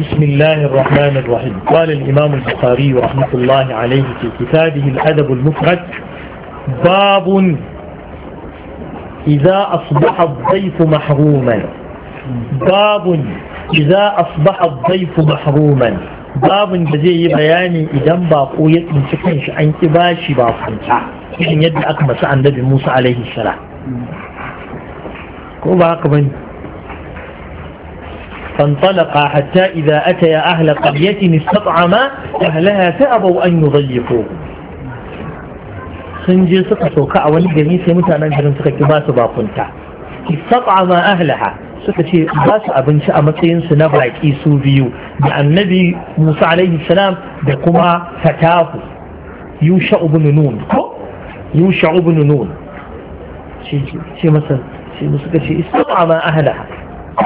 بسم الله الرحمن الرحيم قال الإمام البخاري رحمة الله عليه في كتابه الأدب المفرد باب إذا أصبح الضيف محروما باب إذا أصبح الضيف محروما باب جزيه بياني إذا bayani idan bako ya tsinci kanshi an ki bashi ba kwanta irin yadda aka masu annabi فانطلقا حتى إذا أتيا أهل قرية استطعما أهلها فأبوا أن يضيقوه سنجي سقا سوكا أولي جميع سيمتا ننجرم سقا كما سباقنتا استطعما أهلها suka ce ba su abinci a matsayinsu na baƙi su biyu da annabi musa alaihi da kuma fatahu yusha ibn yusha ibn nun shi masa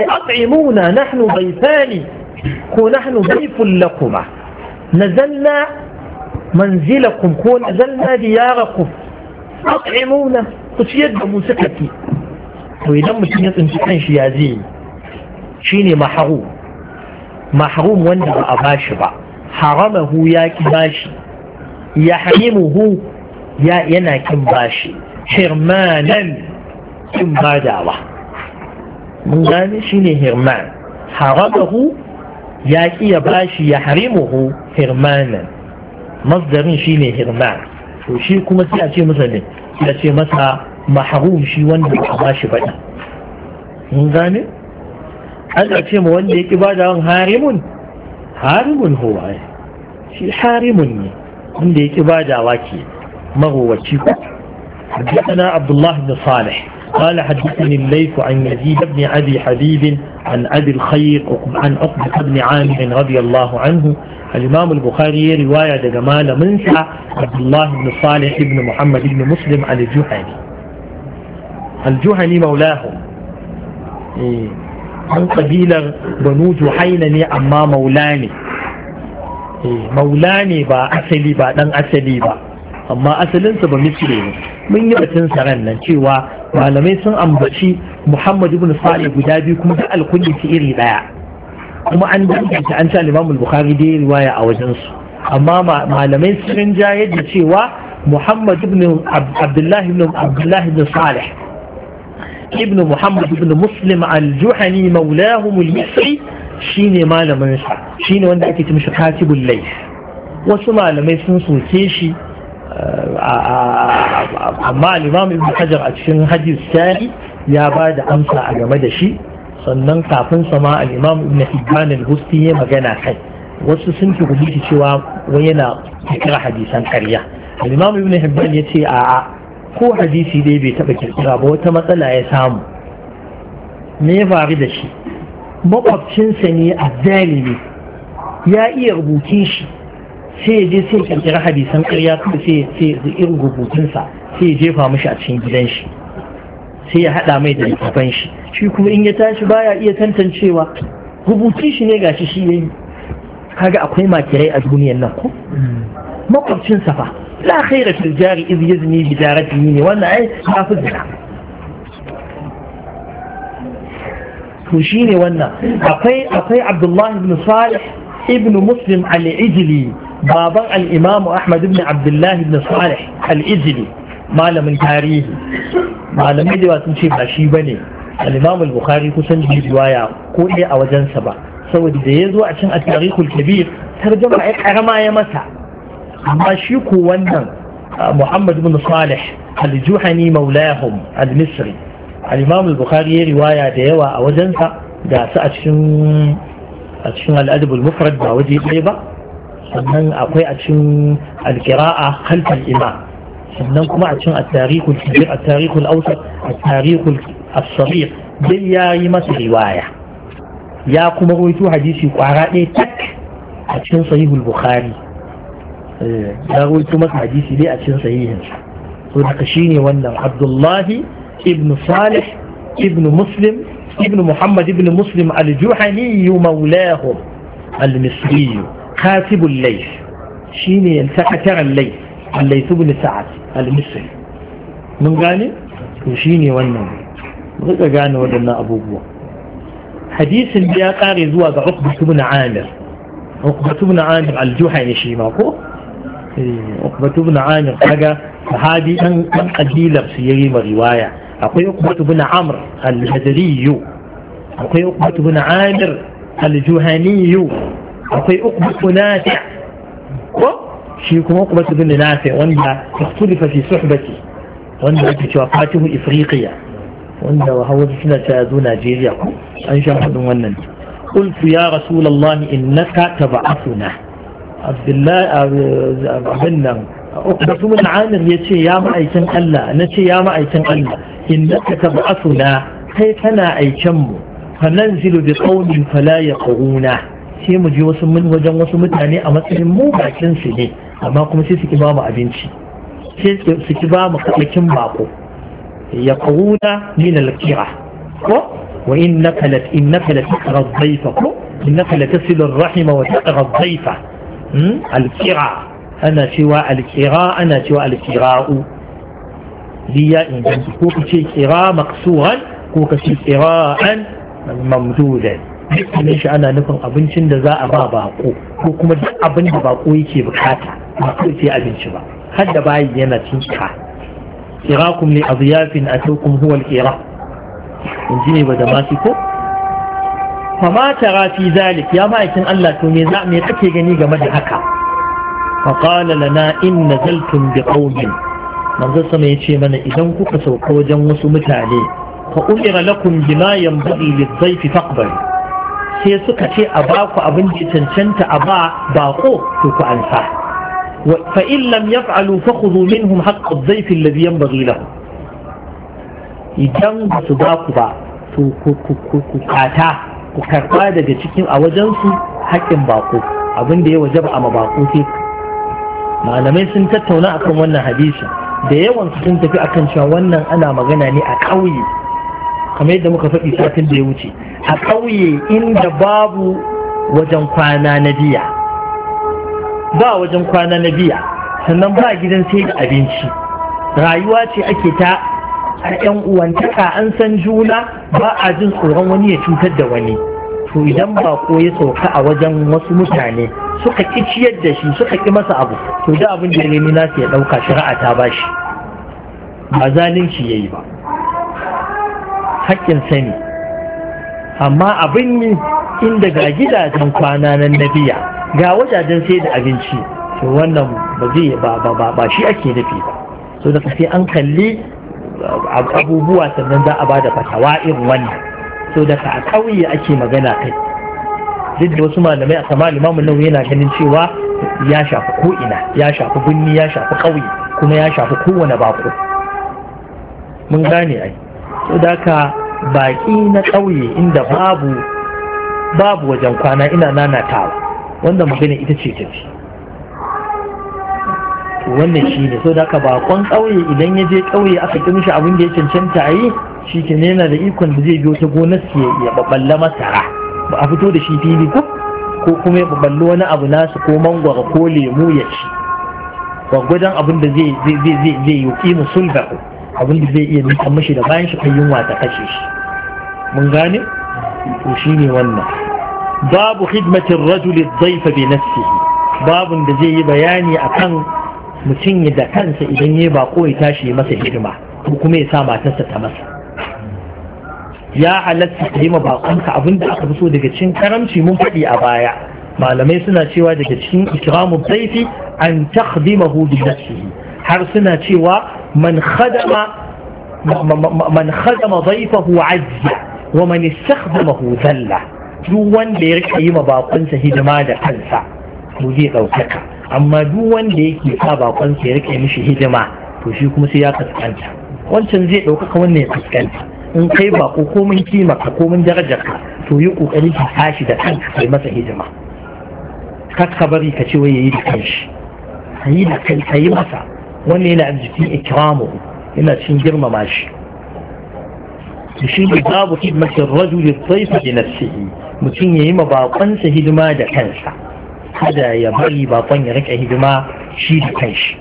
أطعمونا نحن ضيفان ونحن ضيف لكما نزلنا منزلكم ونزلنا دياركم أطعمونا تشيد موسيقتي ويدم متن يتنسحن شيازين شيني محروم محروم وانده أباش با حرمه يا كباشي يحرمه يا ينا كباشي حرمانا كم الله mun gane shi ne hirman haramahu ya ki ya shi ya harimuhu hirmanan masdarin shi ne hirman to shi kuma sai a ce masa ne ya ce masa maharum shi wanda ba shi baɗi mun gane an ce ma wanda ya ki ba da harimun harimun huwa shi harimun ne wanda ya ƙi badawa ke marowaci ko حدثنا عبد الله بن صالح قال حدثني الليث عن يزيد بن أبي حبيب عن أبي الخير عن عقبة بن عامر رضي الله عنه الإمام البخاري رواية جمال منسى عبد الله بن صالح بن محمد بن مسلم عن الجهني الجهني مولاهم عن قبيلة بنو جحينني أما مولاني مولاني با أسلي با دن أسلي با أما أسلنس بمثلين من يبتن سرنا cewa malamai sun ambaci muhammad ibn salih guda biyu kuma da alkunyi su iri daya kuma an danganta an ta limamul bukhari da riwaya a wajensu amma malamai sun jayar da cewa muhammad ibn abdullahi ibn abdullahi ibn salih ibn muhammad ibn muslim al-juhani maulahum al shine malamin sa shine wanda ake ce mishi katibul layth wasu malamai sun soke shi amma al'imam ibn hajar a cikin hadis shari ya ba da amsa a game da shi sannan kafin sama al'imam ibn hibban al-husti ya magana kai wasu sun fi rubuta cewa wai yana kira hadisan karya al'imam ibn hibban ya ce a'a ko hadisi dai bai taba kirkira ba wata matsala ya samu me ya faru da shi makwabcinsa ne a zalimi ya iya rubutun shi sai ya je sai ya kirkira hadisan ƙarya kuma sai da irin rubutunsa sai ya jefa mashi a cikin gidan shi sai ya haɗa mai da littafan shi shi kuma in ya tashi baya iya tantancewa rubutun shi ne gashi shi yayi kaga akwai makirai a duniyar nan ko makwabcin sa fa la khaira fil jari iz yazni bi daratihi ne wannan ai hafiz da to shine wannan akwai akwai Abdullah ibn Salih ibn Muslim al-Ijli بابا الإمام أحمد بن عبد الله بن صالح الإزلي ما لم التاريخ ما لم يدوات مشيب عشيبني الإمام البخاري كسن جدوايا كوية أو جنسبة سوى ديزو عشان التاريخ الكبير ترجم عرما إيه؟ يمسا ما شيكو وندن محمد بن صالح الجوحني مولاهم المصري الإمام البخاري رواية ديوة أو جنسة دا سأتشن أتشن الأدب المفرد ما وجه إيبا sannan akwai a cin alkira'a halfin imam sannan kuma a cin attarikul kibir attarikul ausar attarikul asabir dai ya yi masa riwaya ya kuma rawaito hadisi kwara ɗaya tak a cikin sahihul bukhari eh, ya rawaito masa hadisi dai a cikin sahihinsa to haka shine wannan abdullahi ibn salih ibn muslim ibn muhammad ibn muslim al-juhani mawlahum al-misri katibul layth shine sakataren layth layth ibn sa'ad al-misri mun gane to shine wannan rika gane waɗannan abubuwa hadisin da ya kare zuwa ga Uqba ibn Amir Uqba ibn Amir al-Juhani shi ma ko eh, Uqba ibn Amir kaga sahabi ma riwaya akwai Uqba ibn akwai uqbatu nafi ko shi kuma uqbatu bin nafi wanda ikhtulifa fi suhbati wanda ake cewa fatihu ifriqiya wanda wa hawa suna ta zo Najeriya ko an sha hudun wannan قلت يا رسول الله إنك تبعثنا عبد الله عبدنا أقبط من عامر يتي يا معيكن ألا نتي يا معيكن ألا إنك تبعثنا كيف أنا أيكم فننزل بقوم فلا يقعونه sai mu je wasu wajen wasu mutane a matsayin mu bakin su ne amma kuma sai su ki bamu abinci sai su ki bamu kadakin bako ya kawuna min al-qira ko wa innaka la innaka la taqra ko innaka la tasilu ar wa taqra hmm? alkira ana cewa al ana cewa al liya in ko kace qira maqsuran ko ce qira'an mamdudan dukkanin shi ana nufin abincin da za a ba bako ko kuma duk abin da bako yake bukata ba kawai sai abinci ba har da bayi yana cinka kirakum li aziyafin atukum huwa al-qira in ji ne ba da masu ko fama tara fi zalik ya ma'aikin Allah to me za me kake gani game da haka fa qala lana in nazaltum bi qaumin manzo sama yace mana idan kuka sauka wajen wasu mutane fa umira lakum bima yanbaghi lid-dhayfi faqbalu sai suka ce a ba ku abin da cancanta a ba bako to ku ansa fa in lam yaf'alu khudhu minhum haqq adh-dhayf alladhi yanbaghi lahu idan ba su ba ku ba to ku ku ku kata ku karba daga cikin a wajen su haƙin bako abin da ya wajaba a mabako sai malamai sun tattauna akan wannan hadisi da yawan su sun tafi akan cewa wannan ana magana ne a ƙauye kamar yadda muka faɗi satin da ya wuce a ƙauye inda babu wajen kwana na biya ba wajen kwana na biya sannan ba gidan sai da abinci rayuwa ce ake ta a yan uwantaka an san juna ba a jin tsoron wani ya cutar da wani to idan ba ya sauka a wajen wasu mutane suka ki ciyar da shi suka ki masa abu to da abin da ya nemi nasu ya ɗauka shari'a ta ba shi ba zalunci ya yi ba haƙƙin sani amma abin yi inda ga gidajen kwana na nabiya ga wajajen sai da abinci to wannan ba zai ba ba ba shi ake nufi ba so da sai an kalli uh, abubuwa sannan za a bada fatawa irin wannan so da a kauye ake magana kai duk da wasu malamai a sama limamin nan yana ganin cewa ya shafi ko ina, ya shafi binni ya shafi ƙauye kuma ya shafi kowane bako mun gane ai so da ka baƙi na ƙauye inda babu babu wajen kwana ina nanatawa wanda magana ita ce tafi wannan shi ne so da bakon ƙauye idan ya je ƙauye aka ƙi mishi abin da ya cancanta a yi shi ke yana da ikon da zai biyo ta gonar su ya baballa masara ba a fito da shi fili ko ko kuma ya baballo wani abu nasu ko mangwara ko lemu ya ci gwaggwajen abin da zai yi zai zai abin da zai iya nisan mashi da bayan shi kai yunwa ta kashe shi mun gane to shine wannan babu khidmatin rajuli dhaifa bi nafsihi babun da zai yi bayani akan mutum ya da kansa idan ya bako ya tashi masa hidima ko kuma ya sa matarsa ta masa ya halatta ka yi ma bakonka abinda aka fi so daga cikin karamci mun faɗi a baya malamai suna cewa daga cikin ikramu zaifi an takdimahu bi nafsihi har suna cewa man khadama man khadama dhaifahu azza wa man istakhdamahu zalla duk wanda ya rika yi ma bakonsa hidima da kansa to zai ɗaukaka amma duk wanda yake sa bakonsa ya rika yi mishi hidima to shi kuma sai ya kaskanta wancan zai ɗaukaka wannan ya kaskanta in kai bako ko mun kima ka ko mun darajar ka to yi kokari ka tashi da kanka kai masa hidima ka bari ka ce wai yayi da kanshi yi da kai واني لعبد في إكرامه إما تشنجر ما ماشي تشنجر بابو خدمة الرجل الطيف لنفسه متين يهيما باطن سهيد ما دكنسا هذا يبالي باطن يركع ما شير كنش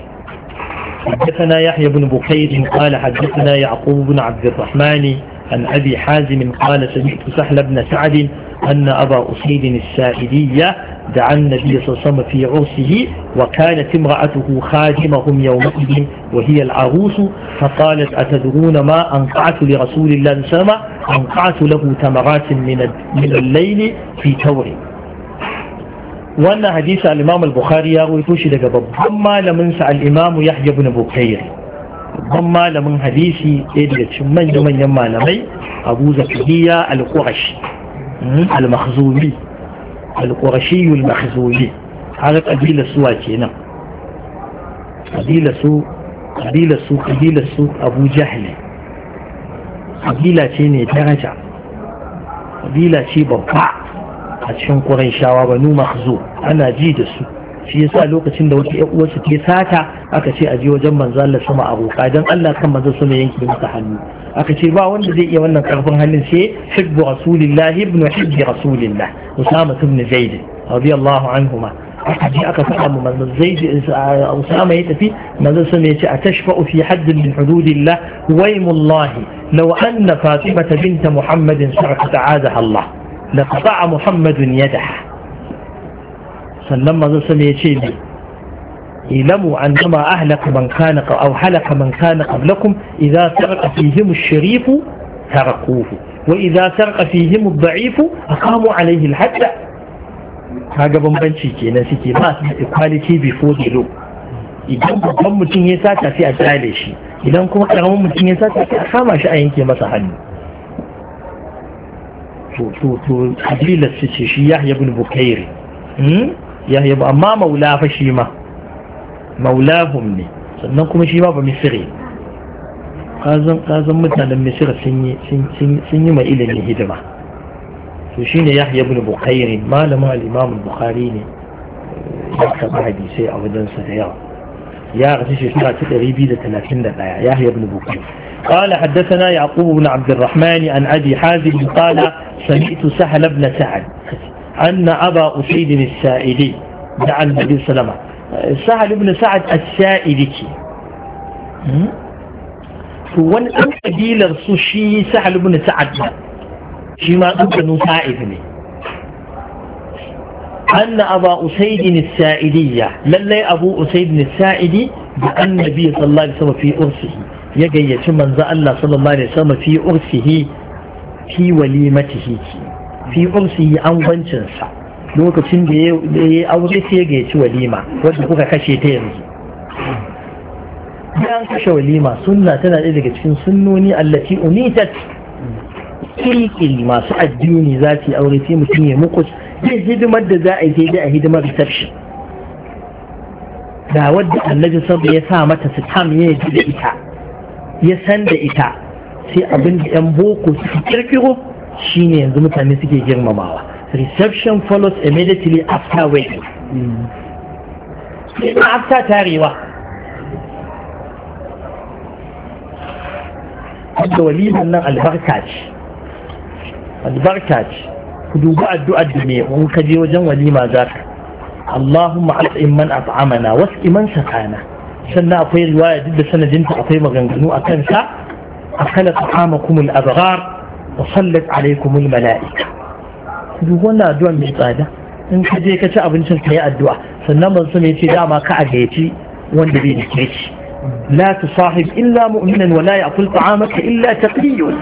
حدثنا يحيى بن بخير قال حدثنا يعقوب بن عبد الرحمن عن أبي حازم قال سمعت سحل بن سعد أن أبا أسيد السائدية دعا النبي صلى الله عليه وسلم في عرسه وكانت امرأته خادمهم يومئذ وهي العروس فقالت أتدرون ما أنقعت لرسول الله صلى الله عليه وسلم أنقعت له تمرات من الليل في ثور وأن حديث الإمام البخاري يروي توشي لك ضمّا لمن سعى الإمام يحيى بن بكير ضمّا لمن حديثي إيدي من يمّا لمن أبو زكريا القرش المخزومي al-qurashiyyu al-makhzumi har kabila suwa kenan kabila su kabila abu jahli kabila ne daraja kabila babba a cikin ƙuranshawa banu makhzu ana ji da su shi yasa lokacin da wata uwarsu ke sata aka ce a je wajen manzo Allah sama aboka dan Allah kan manzo sama yanke masa hannu aka ce ba wanda zai iya wannan karfin hannun sai hibbu rasulillah ibn hibbi rasulillah usama ibn zaid radiyallahu anhuma aka je aka faɗa mu manzon zaid usama ya tafi manzon sun ya ce a tashfa'u fi haddin min hududillah waymullahi law anna fatima bint muhammadin sarqat aadaha allah laqata'a muhammadun yadaha sannan manzon sun ya ce اعلموا أنما أهلك من كان أو هلك من كان قبلكم إذا سرق فيهم الشريف تركوه وإذا سرق فيهم الضعيف أقاموا عليه الحد kaga bambanci kenan suke ba equality before the law idan babban mutum ya sata sai a tsale shi idan kuma karamin mutum ya sata sai a kama shi a yanke masa hannu to to to kabilar ce shi yahya ibn bukairi hmm? yahya amma maula fa shi ma maulahum ne sannan kuma shi ma ba misiri kazan mutanen misira sun yi ma ilimin hidima to shi ne yahya ibn bukhari malamin al-imam bukhari ne ya taɓa hadisai a wajensa da yawa ya rasu shekara ta 231 yahya ibn bukhari قال حدثنا يعقوب بن عبد الرحمن عن أبي حازم قال سمعت سهل بن سعد أن أبا أسيد السائلي دعا النبي صلى الله عليه وسلم sa’ad ibn sa’ad a sha’idi ke hmm? wani ɗan ƙabilar su shi sa’ad ibn sa’ad ba shi ma ɗanɗanin sa’id ne anna aba usaidin sa’idiyya lallai abu usaidin sa’idi da annabi sallallahu fi ursihi ya gayyaci manza Allah sallallahu alaihi wasallam fi ursihi an wancin sa’ lokacin da ya yi aure sai ya ci walima wadda kuka kashe ta yanzu bayan kashe walima sunna tana ɗaya daga cikin sunnoni allati unitat kirkiri masu addini za su yi aure sai mutum ya muku zai hidimar da za a yi daidai a hidimar reception da wadda annabi sabu ya sa mata sitam ya yi da ita ya san da ita sai abin da yan boko su kirkiro shine yanzu mutane suke girmamawa reception follows immediately after waiting even after tarewa da waliman nan albarka ce albarka ce ku dubi addu'ar da me in ka je wajen walima za ka Allahumma at'im man at'amana wasqiman sakana sannan akwai riwaya duk da sanadinta akwai maganganu a kansa akala ta'amakum al-abrar wa sallat alaykum al-mala'ika duk wannan addu'a mai tsada in ka je ka ci abincin ka yi addu'a sannan ban ya ce dama ka a gayyaci wanda bai da kirki la tusahib illa mu'minan wa la ya'kul ta'amaka illa taqiyyun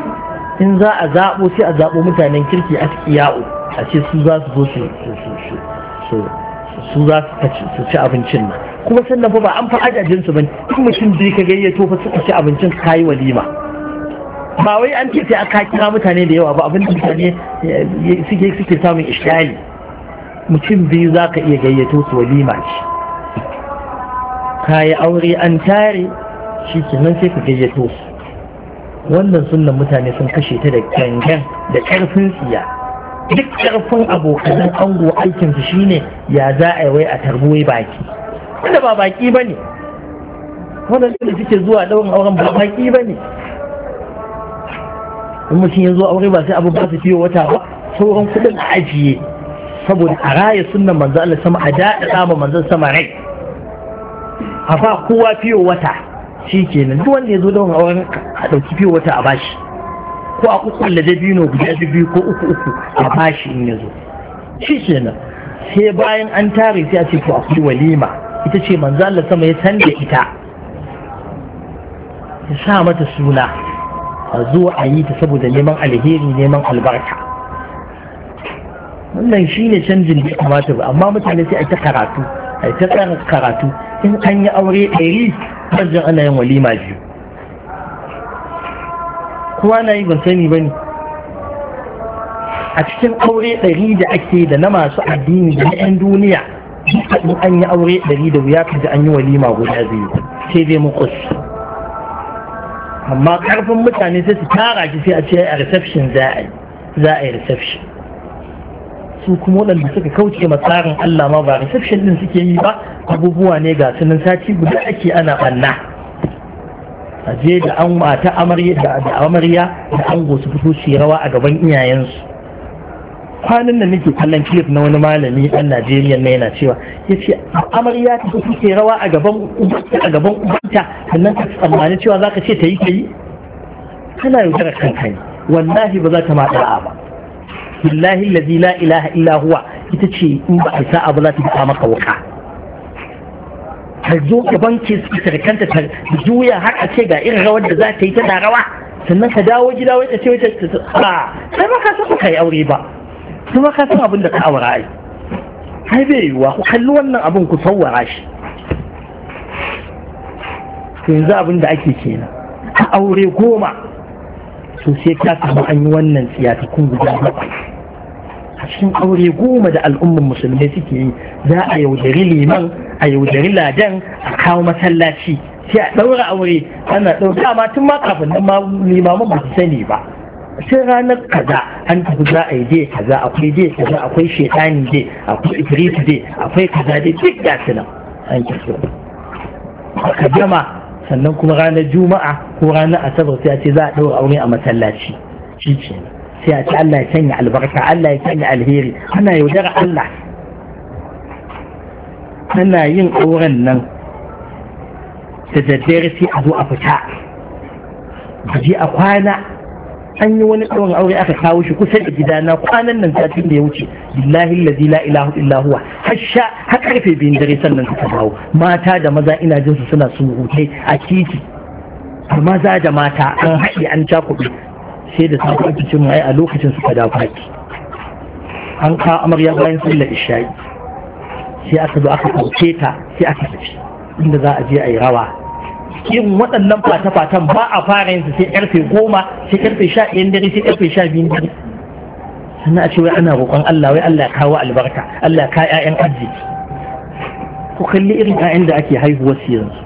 in za a zabo sai a zabo mutanen kirki a tsiyawo a ce su za su zo su su za su ci abincin nan kuma sannan fa ba an fa adadin su bane mutum bai ka gayyato fa suka ci abincin kai walima ba wai an ce sai aka kira mutane da yawa ba abin da mutane eh, suke suke samun ishali mutum biyu za ka iya gayyato su walima ce ka yi aure an tare shi kenan sai ka gayyato su wannan sunan mutane sun kashe ta da gangan da karfin tsiya duk karfin abokanan ango aikinsu shine ya za a yi wai a tarbuwai baki wanda ba baki bane wannan suke zuwa ɗaurin auren ba baki ba in mutum ya zo aure ba sai abu ba su fiye wata ba sauran kuɗin a ajiye saboda a raya sunan manzo Allah sama a daɗaɗa ma Manzan sama rai a ba kowa fiye wata shi kenan duk wanda ya zo don auren a ɗauki fiye wata a bashi ko a kukkulle dabino guda biyu ko uku uku a bashi in ya zo shi kenan sai bayan an tare sai a ce to akwai walima ita ce manzo Allah sama ya san da ita ya sa mata suna a zo a yi ta saboda neman alheri neman albarka wannan shi ne canjin da kamata ba amma mutane sai a ta karatu a ta tsara karatu in an yi aure ɗari wajen ana yin walima biyu kowa na yi ban sani ba ne a cikin aure ɗari da ake da na masu addini da na 'yan duniya in an yi aure ɗari da wuya ka ji an yi walima guda biyu sai dai mukus amma karfin mutane sai su tara ki sai a ce a reception za a yi za a yi reception su kuma waɗanda suka kauce ma tsarin Allah ma ba reception din suke yi ba abubuwa ne ga sunan sati guda ake ana banna a je da an mata amarya da amarya da ango su fito su rawa a gaban iyayensu kwanan nan nake kallon clip na wani malami a Najeriya na yana cewa ya ce amarya ta kuke rawa a gaban ubanta a gaban ubanta sannan ka tsammani cewa za ka ce ta yi ta yi kana yaudarar kanka ne wallahi ba za ta ma da'a ba billahi allazi la ilaha illa huwa ita ce in ba a sa'a ba za ta ba maka wuka ta zo gaban ke sarkanta ta juya har a ce ga irin rawar da za ta yi ta rawa sannan ka dawo gida wai ta ce wai ta a sai ba ka so ka yi aure ba kuma ka san abin da ka aura ai ai bai yiwuwa ku kalli wannan abin ku sauwara shi yanzu abin da ake kenan a aure goma to sai ka samu an yi wannan tsiyata kun guda bakwai a cikin aure goma da al'ummar musulmai suke yi za a yaudari liman a yaudari ladan a kawo masallaci sai a ɗaura aure ana ɗaura amma tun ma kafin nan ma limamun ba su sani ba sai ranar kaza an tafi za a yi dai kaza akwai dai kaza akwai shaitani dai akwai ibris dai akwai kaza dai duk ga su nan an kirkiro aka jama sannan kuma ranar juma'a ko ranar asabar sai a ce za a ɗaura aure a masallaci shi ce sai a ce Allah ya sanya albarka Allah ya sanya alheri ana yaudara Allah ana yin auren nan da daddare sai a zo a fita a je a kwana an yi wani tsawon aure aka kawo shi kusa da gidana kwanan nan satin da ya wuce billahi allazi la ilaha illa huwa hasha har karfe biyun dare sannan suka dawo mata da maza ina jin su suna surutai a titi maza da mata an haɗe an cakuɗe sai da safe ake cin mai a lokacin suka dawo faki an kawo amarya bayan sallar isha'i sai aka zo aka ɗauke ta sai aka tafi inda za a je a yi rawa irin waɗannan fata-fatan ba a fara yin sai karfe goma sai karfe sha ɗayan dare sai karfe sha biyun dare sannan a ce wai ana roƙon Allah wai Allah kawo albarka Allah ka ƴaƴan arziki ku kalli irin ƴaƴan da ake haihuwa su yanzu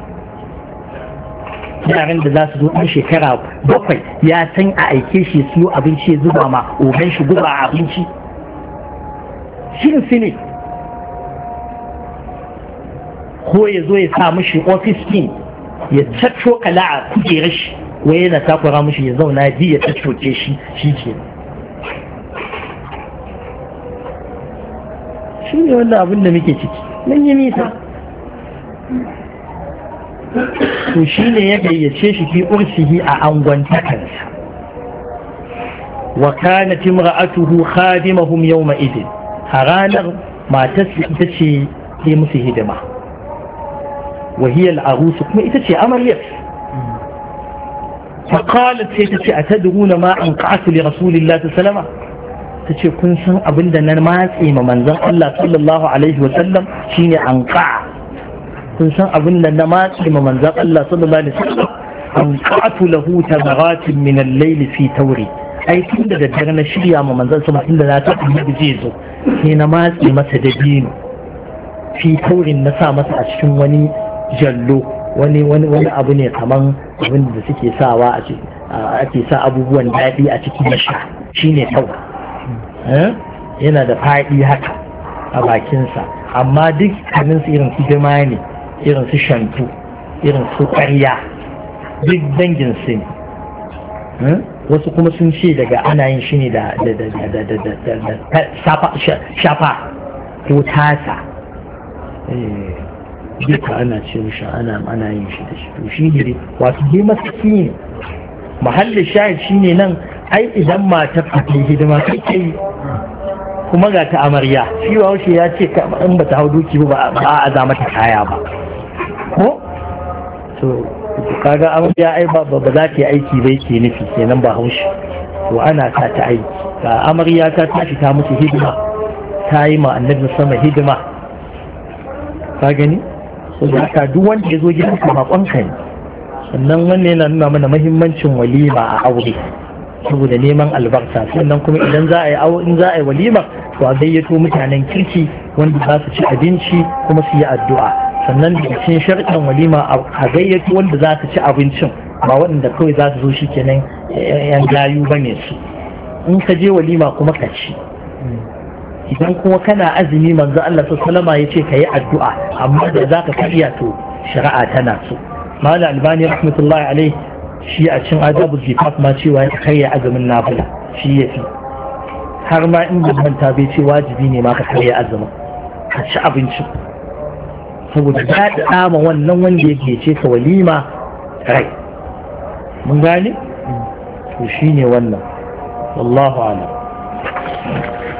yaran da za su zo ɗan shekara bakwai ya san a aike shi yi abinci ya zuba ma ogan shi guba a abinci shin su ne ko ya zo ya sa mishi ofis team ya cacco kala a kujerar shi wai yana takura mushi ya zauna ji ya caccoce shi shi ke shi ne wannan abin da muke ciki mun yi nisa to shi ne ya gayyace shi fi ursihi a angon takansa wa kanat imra'atuhu khadimahum yawma idin a ranar matarsa ita ce ya musu hidima wahiyar arusu kuma ita ce amaryar faƙalar sai ta ce a ta duna ma an ƙasu li rasulillah salama ta ce kun san abin da na matse ma manzan Allah sallallahu alaihi wa sallam shine an kun san abin da na matse ma manzan Allah sallallahu alaihi wa sallam an ƙatu lahu tabaratin min al-layli fi tauri ai da daddare na shirya ma manzan sama zo na matse masa dabino fi taurin na sa masa a cikin wani jallo wani wani wani abu ne kaman abin da suke sawa a ce ake sa abubuwan daɗi a cikin na sha shine tawa yana da faɗi haka a bakinsa amma duk abin su irin su jima irin su shantu irin su ƙarya duk dangin su ne wasu kuma sun ce daga ana yin shi ne da shafa ko tasa duka ana ce mishi ana ana yin shi da shi to shi ne wato dai masaki ne mahalli shahid shine nan ai idan mata ta hidima kake kuma ga ta amarya shi wuce ya ce in ba ta hau doki ba ba a za mata kaya ba ko to kaga amarya ai ba ba za ta yi aiki bai yake nufi kenan ba haushi to ana sa ta aiki ga amarya ta tashi ta mutu hidima ta yi ma annabi sama hidima ka gani da haka duk wanda ya zo gidan ka bakon ne sannan wannan yana nuna mana mahimmancin walima a aure saboda neman albarka sannan kuma idan za a yi in za a yi walima to a gayyato mutanen kirki wanda za su ci abinci kuma su yi addu'a sannan da cikin sharɗin walima a gayyato wanda za su ci abincin ba waɗanda kawai za su zo shi kenan yan layu ba ne su in ka je walima kuma ka ci idan kuma kana azumi manzo Allah sallama ya ce ka yi addu'a amma da za ka to shari'a tana so mala albani rahmatullahi alai shi a cin adabu zifaf ma cewa ya karya azumin nafila shi ya fi har ma in manta bai ce wajibi ne ma ka karya azumin ka ci abinci saboda ta dama wannan wanda yake ce ka walima rai mun gane to ne wannan wallahu a'lam